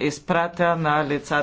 изпратя на лицата